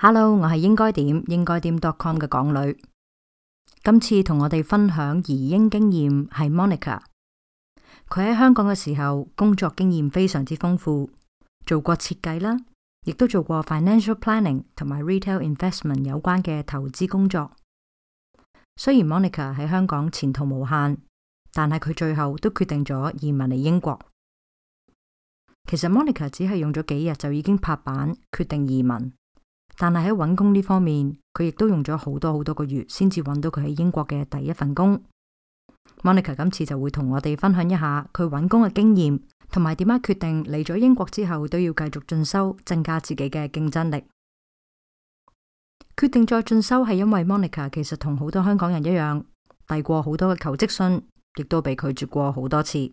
Hello，我係應該點應該點 dot com 嘅港女，今次同我哋分享移英經驗係 Monica。佢喺香港嘅時候，工作經驗非常之豐富，做過設計啦，亦都做過 financial planning 同埋 retail investment 有關嘅投資工作。雖然 Monica 喺香港前途無限，但係佢最後都決定咗移民嚟英國。其實 Monica 只係用咗幾日就已經拍板決定移民。但係喺搵工呢方面，佢亦都用咗好多好多個月，先至搵到佢喺英國嘅第一份工。Monica 今次就會同我哋分享一下佢搵工嘅經驗，同埋點解決定嚟咗英國之後都要繼續進修，增加自己嘅競爭力。決定再進修係因為 Monica 其實同好多香港人一樣，遞過好多嘅求職信，亦都被拒絕過好多次。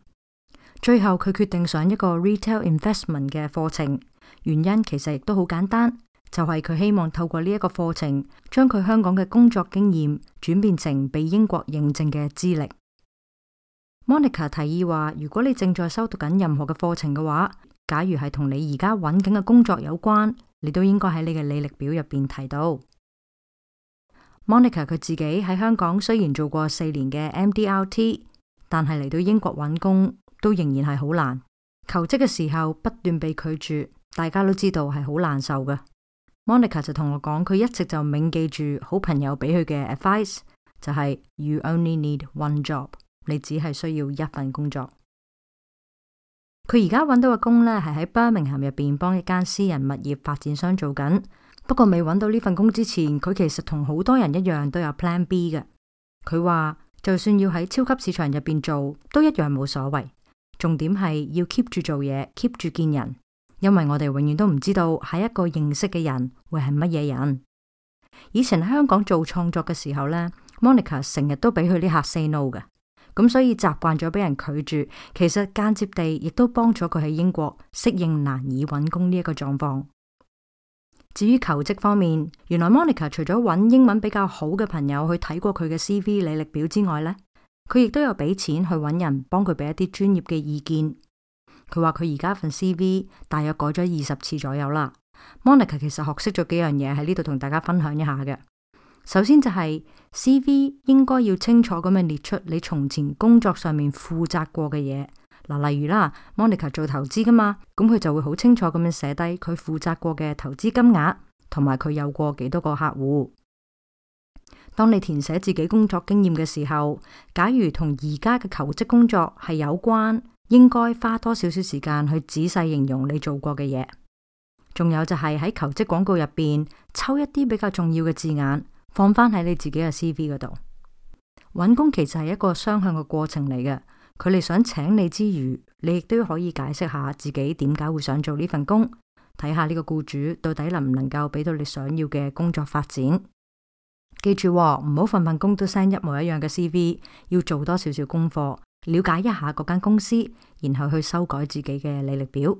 最後佢決定上一個 retail investment 嘅課程，原因其實亦都好簡單。就係佢希望透過呢一個課程，將佢香港嘅工作經驗轉變成被英國認證嘅資歷。Monica 提議話，如果你正在修讀緊任何嘅課程嘅話，假如係同你而家揾緊嘅工作有關，你都應該喺你嘅履歷表入邊提到。Monica 佢自己喺香港雖然做過四年嘅 MDLT，但係嚟到英國揾工都仍然係好難。求職嘅時候不斷被拒絕，大家都知道係好難受嘅。Monica 就同我講，佢一直就銘記住好朋友俾佢嘅 advice，就係 You only need one job，你只係需要一份工作。佢而家揾到嘅工咧係喺伯明翰入邊幫一間私人物業發展商做緊，不過未揾到呢份工之前，佢其實同好多人一樣都有 Plan B 嘅。佢話就算要喺超級市場入邊做都一樣冇所謂，重點係要 keep 住做嘢，keep 住見人。因為我哋永遠都唔知道下一個認識嘅人會係乜嘢人。以前喺香港做創作嘅時候咧，Monica 成日都俾佢啲客 say no 嘅，咁所以習慣咗俾人拒絕。其實間接地亦都幫咗佢喺英國適應難以揾工呢一個狀況。至於求職方面，原來 Monica 除咗揾英文比較好嘅朋友去睇過佢嘅 CV 履歷表之外呢，佢亦都有俾錢去揾人幫佢俾一啲專業嘅意見。佢話佢而家份 CV 大約改咗二十次左右啦。Monica 其實學識咗幾樣嘢喺呢度同大家分享一下嘅。首先就係，CV 應該要清楚咁樣列出你從前工作上面負責過嘅嘢嗱，例如啦，Monica 做投資噶嘛，咁佢就會好清楚咁樣寫低佢負責過嘅投資金額同埋佢有過幾多個客戶。當你填寫自己工作經驗嘅時候，假如同而家嘅求職工作係有關。應該花多少少時間去仔細形容你做過嘅嘢，仲有就係喺求職廣告入邊抽一啲比較重要嘅字眼，放翻喺你自己嘅 CV 度。揾工其實係一個雙向嘅過程嚟嘅，佢哋想請你之餘，你亦都可以解釋下自己點解會想做呢份工，睇下呢個雇主到底能唔能夠俾到你想要嘅工作發展。記住喎，唔好份份工都 send 一模一樣嘅 CV，要做多少少功課。了解一下嗰間公司，然後去修改自己嘅履歷表。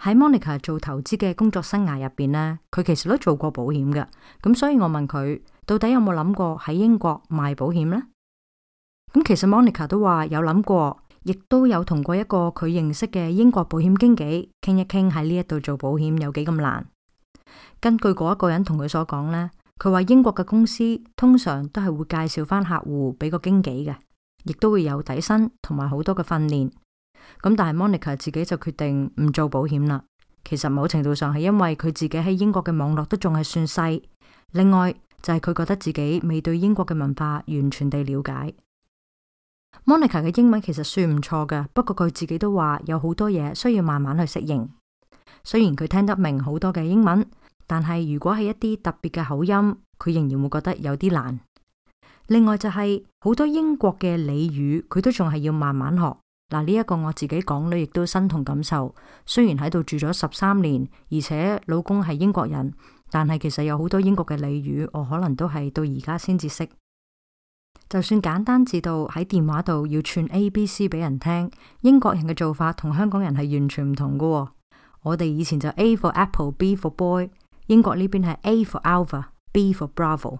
喺 Monica 做投資嘅工作生涯入邊呢，佢其實都做過保險嘅。咁所以我問佢，到底有冇諗過喺英國賣保險呢？咁其實 Monica 都話有諗過，亦都有同過一個佢認識嘅英國保險經紀傾一傾。喺呢一度做保險有幾咁難。根據嗰一個人同佢所講呢，佢話英國嘅公司通常都係會介紹翻客戶俾個經紀嘅。亦都會有底薪同埋好多嘅訓練，咁但係 Monica 自己就決定唔做保險啦。其實某程度上係因為佢自己喺英國嘅網絡都仲係算細，另外就係佢覺得自己未對英國嘅文化完全地了解。Monica 嘅英文其實算唔錯㗎，不過佢自己都話有好多嘢需要慢慢去適應。雖然佢聽得明好多嘅英文，但係如果係一啲特別嘅口音，佢仍然會覺得有啲難。另外就係好多英國嘅俚語，佢都仲係要慢慢學。嗱，呢一個我自己講呢，亦都身同感受。雖然喺度住咗十三年，而且老公係英國人，但係其實有好多英國嘅俚語，我可能都係到而家先至識。就算簡單至到喺電話度要串 A、B、C 俾人聽，英國人嘅做法同香港人係完全唔同㗎喎。我哋以前就 A for Apple，B for Boy，英國呢邊係 A for Alpha，B for Bravo。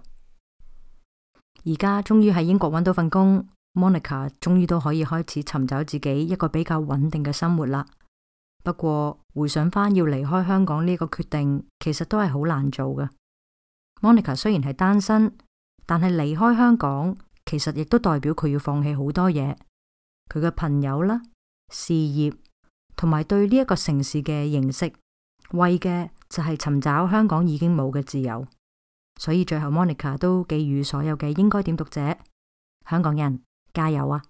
而家終於喺英國搵到份工，Monica 終於都可以開始尋找自己一個比較穩定嘅生活啦。不過回想翻，要離開香港呢個決定，其實都係好難做嘅。Monica 雖然係單身，但係離開香港其實亦都代表佢要放棄好多嘢，佢嘅朋友啦、事業同埋對呢一個城市嘅認識，為嘅就係尋找香港已經冇嘅自由。所以最後 Monica 都寄予所有嘅應該點讀者，香港人加油啊！